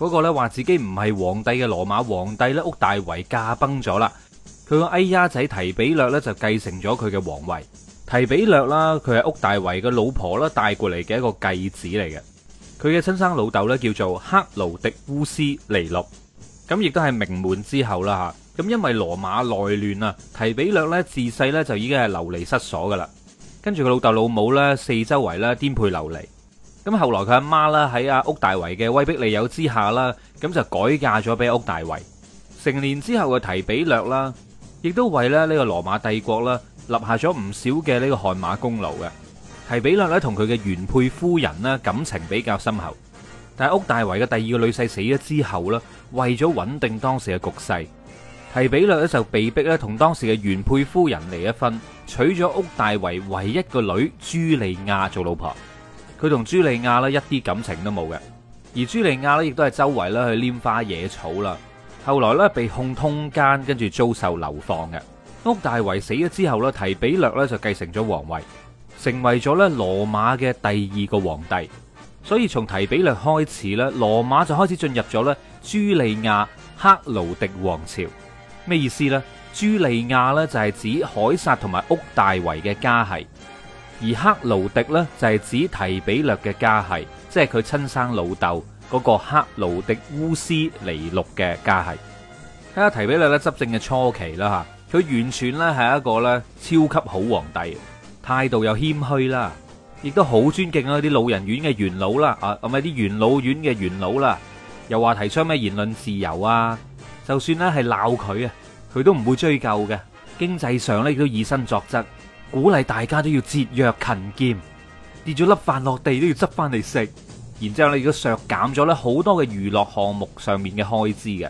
嗰個咧話自己唔係皇帝嘅羅馬皇帝咧，屋大維駕崩咗啦，佢個哎呀仔提比略咧就繼承咗佢嘅皇位。提比略啦，佢係屋大維嘅老婆啦帶過嚟嘅一個繼子嚟嘅，佢嘅親生老豆咧叫做克勞狄烏斯尼禄，咁亦都係名門之後啦吓。咁因為羅馬內亂啊，提比略咧自細咧就已經係流離失所噶啦，跟住佢老豆老母咧四周圍咧顛沛流離。咁後來佢阿媽啦喺阿屋大維嘅威逼利誘之下啦，咁就改嫁咗俾屋大維。成年之後嘅提比略啦，亦都為呢個羅馬帝國啦立下咗唔少嘅呢個汗馬功勞嘅提比略啦，同佢嘅原配夫人啦感情比較深厚，但係屋大維嘅第二個女婿死咗之後啦，為咗穩定當時嘅局勢，提比略呢就被逼同當時嘅原配夫人離咗婚，娶咗屋大維唯一個女朱莉亞做老婆。佢同茱莉亞咧一啲感情都冇嘅，而茱莉亞咧亦都係周圍咧去拈花惹草啦。後來咧被控通姦，跟住遭受流放嘅。屋大維死咗之後咧，提比略咧就繼承咗皇位，成為咗咧羅馬嘅第二個皇帝。所以從提比略開始咧，羅馬就開始進入咗咧茱莉亞克勞迪王朝。咩意思呢？茱莉亞咧就係指凱撒同埋屋大維嘅家系。而克勞迪呢，就係指提比略嘅家系，即係佢親生老豆嗰個克勞迪烏斯尼祿嘅家系。睇下提比略咧執政嘅初期啦吓，佢完全呢係一個咧超級好皇帝，態度又謙虛啦，亦都好尊敬啦啲老人院嘅元老啦啊，咁啊啲元老院嘅元老啦，又話提倡咩言論自由啊，就算呢係鬧佢啊，佢都唔會追究嘅。經濟上呢，亦都以身作則。鼓勵大家都要節約勤儉，跌咗粒飯落地都要執翻嚟食。然之後咧亦都削減咗咧好多嘅娛樂項目上面嘅開支嘅，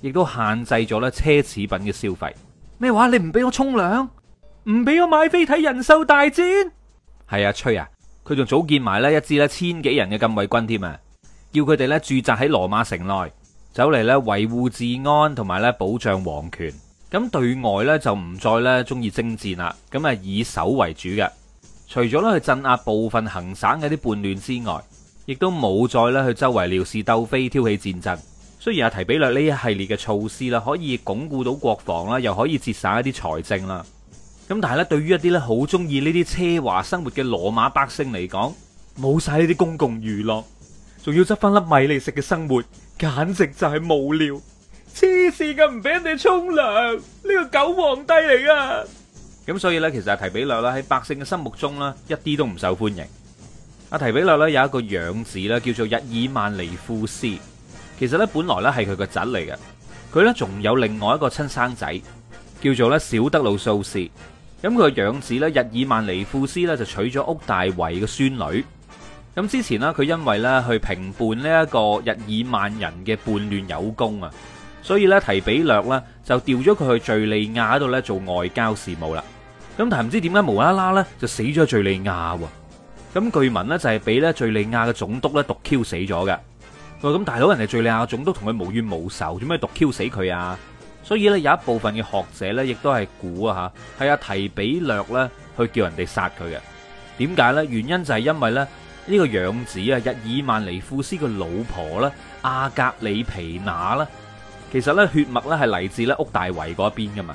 亦都限制咗咧奢侈品嘅消費。咩話？你唔俾我沖涼，唔俾我買飛睇《人獸大戰》。係啊，吹啊，佢仲組建埋咧一支咧千幾人嘅禁衛軍添啊，叫佢哋咧駐紮喺羅馬城內，走嚟咧維護治安同埋咧保障皇權。咁對外咧就唔再咧中意征戰啦，咁啊以守為主嘅，除咗咧去鎮壓部分行省嘅啲叛亂之外，亦都冇再咧去周圍撩事鬥非，挑起戰爭。雖然阿提比略呢一系列嘅措施啦，可以鞏固到國防啦，又可以節省一啲財政啦，咁但係咧對於一啲咧好中意呢啲奢華生活嘅羅馬百姓嚟講，冇晒呢啲公共娛樂，仲要執翻粒米嚟食嘅生活，簡直就係無聊。黐線嘅，唔俾人哋沖涼，呢個狗皇帝嚟噶。咁所以呢，其實阿提比略啦喺百姓嘅心目中呢，一啲都唔受歡迎。阿提比略咧有一個養子呢，叫做日耳曼尼富斯。其實呢，本來呢係佢個侄嚟嘅。佢呢仲有另外一個親生仔，叫做呢小德魯蘇斯。咁佢嘅養子呢，日耳曼尼富斯呢，就娶咗屋大維嘅孫女。咁之前呢，佢因為呢去平叛呢一個日耳曼人嘅叛亂有功啊。所以咧，提比略咧就調咗佢去敘利亞度咧做外交事務啦。咁但係唔知點解無啦啦咧就死咗喺敘利亞喎。咁據聞咧就係俾咧敘利亞嘅總督咧毒 Q 死咗嘅。咁大佬，人哋敘利亞總督同佢無怨無仇，做咩毒 Q 死佢啊？所以咧有一部分嘅學者咧亦都係估啊吓，係阿提比略咧去叫人哋殺佢嘅。點解咧？原因就係因為咧呢個養子啊，日耳曼尼庫斯嘅老婆啦，阿格里皮娜啦。其實血脈咧，係嚟自咧屋大維嗰邊噶嘛，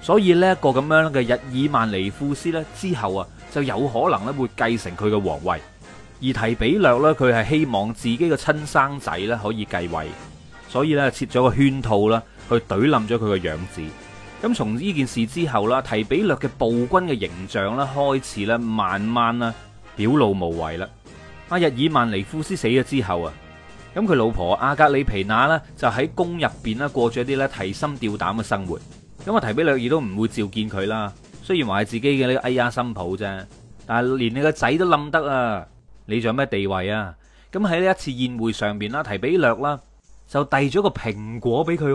所以呢一個咁樣嘅日耳曼尼庫斯之後啊，就有可能咧會繼承佢嘅皇位，而提比略咧佢係希望自己嘅親生仔可以繼位，所以切設咗個圈套啦，去懟冧咗佢個養子。咁從呢件事之後，提比略嘅暴君嘅形象咧開始慢慢咧表露無遺啦。日耳曼尼庫斯死咗之後啊。咁佢老婆阿格里皮娜啦，就喺宮入邊啦，過咗啲咧提心吊膽嘅生活。咁阿提比略亦都唔會召見佢啦，雖然話係自己嘅呢個哀家新抱啫，但係連你個仔都冧得啊！你仲有咩地位啊？咁喺呢一次宴會上邊啦，提比略啦就遞咗個蘋果俾佢，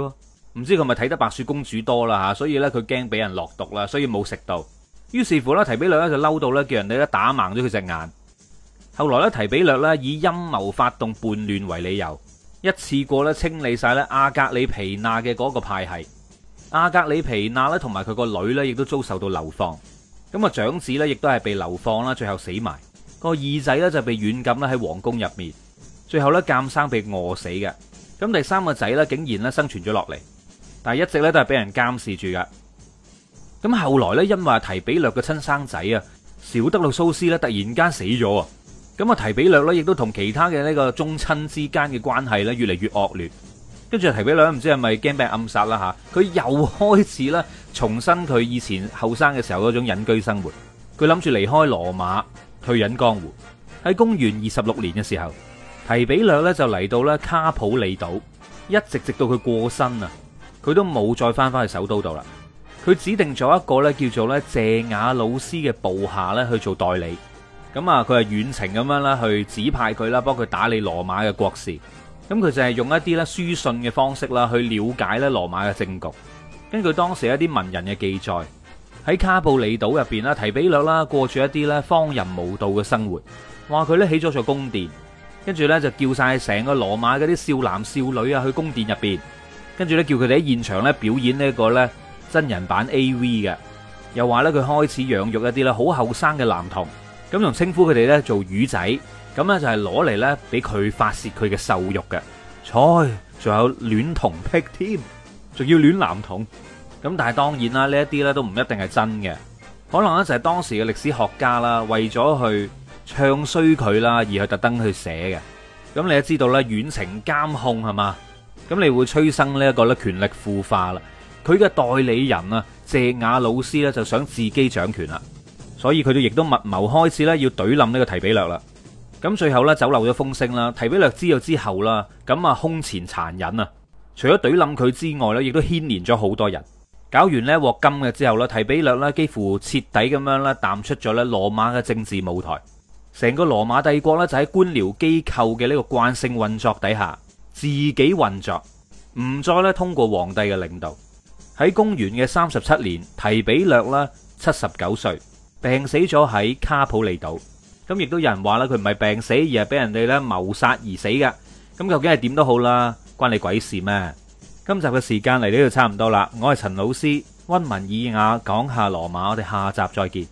唔知佢咪睇得白雪公主多啦吓，所以咧佢驚俾人落毒啦，所以冇食到。於是乎啦，提比略咧就嬲到咧，叫人哋咧打盲咗佢隻眼。後來咧提比略咧以陰謀發動叛亂為理由，一次過咧清理晒咧阿格里皮娜嘅嗰個派系。阿格里皮娜咧同埋佢個女咧亦都遭受到流放，咁啊長子咧亦都係被流放啦，最後死埋。個二仔咧就被軟禁啦喺皇宮入面，最後咧監生被餓死嘅。咁第三個仔咧竟然咧生存咗落嚟，但係一直咧都係俾人監視住噶。咁後來咧因為提比略嘅親生仔啊小德魯蘇斯咧突然間死咗啊！咁啊，提比略咧，亦都同其他嘅呢個宗親之間嘅關係咧，越嚟越惡劣。跟住提比略唔知係咪驚俾人暗殺啦吓，佢又開始咧重新佢以前後生嘅時候嗰種隱居生活。佢諗住離開羅馬，退隱江湖。喺公元二十六年嘅時候，提比略咧就嚟到咧卡普里島，一直直到佢過身啊，佢都冇再翻返去首都度啦。佢指定咗一個咧叫做咧謝雅魯斯嘅部下咧去做代理。咁啊，佢係遠程咁樣啦，去指派佢啦，幫佢打理羅馬嘅國事。咁佢就係用一啲咧書信嘅方式啦，去了解咧羅馬嘅政局。根據當時一啲文人嘅記載，喺卡布里島入面啦，提比略啦過住一啲咧荒淫無道嘅生活。話佢咧起咗座宮殿，跟住咧就叫晒成個羅馬嗰啲少男少女啊去宮殿入面。跟住咧叫佢哋喺現場咧表演呢一個咧真人版 AV 嘅。又話咧佢開始養育一啲咧好後生嘅男童。咁用稱呼佢哋呢做魚仔，咁呢，就係攞嚟呢俾佢發泄佢嘅獸慾嘅，彩仲有戀童癖添，仲要戀男童。咁但係當然啦，呢一啲呢都唔一定係真嘅，可能呢，就係當時嘅歷史學家啦，為咗去唱衰佢啦，而去特登去寫嘅。咁你都知道呢遠程監控係嘛？咁你會催生呢一個咧權力腐化啦。佢嘅代理人啊謝雅老師呢，就想自己掌權啦。所以佢哋亦都密謀開始咧，要懟冧呢個提比略啦。咁最後呢，走漏咗風聲啦。提比略知道之後啦，咁啊空前殘忍啊，除咗懟冧佢之外呢，亦都牽連咗好多人。搞完呢鑊金嘅之後呢，提比略呢幾乎徹底咁樣咧淡出咗咧羅馬嘅政治舞台。成個羅馬帝國呢，就喺官僚機構嘅呢個慣性運作底下自己運作，唔再咧通過皇帝嘅領導。喺公元嘅三十七年，提比略呢，七十九歲。病死咗喺卡普里島，咁亦都有人話啦，佢唔係病死，而係俾人哋咧謀殺而死㗎。咁究竟係點都好啦，關你鬼事咩？今集嘅時間嚟到呢度差唔多啦，我係陳老師温文爾雅，講下羅馬，我哋下集再見。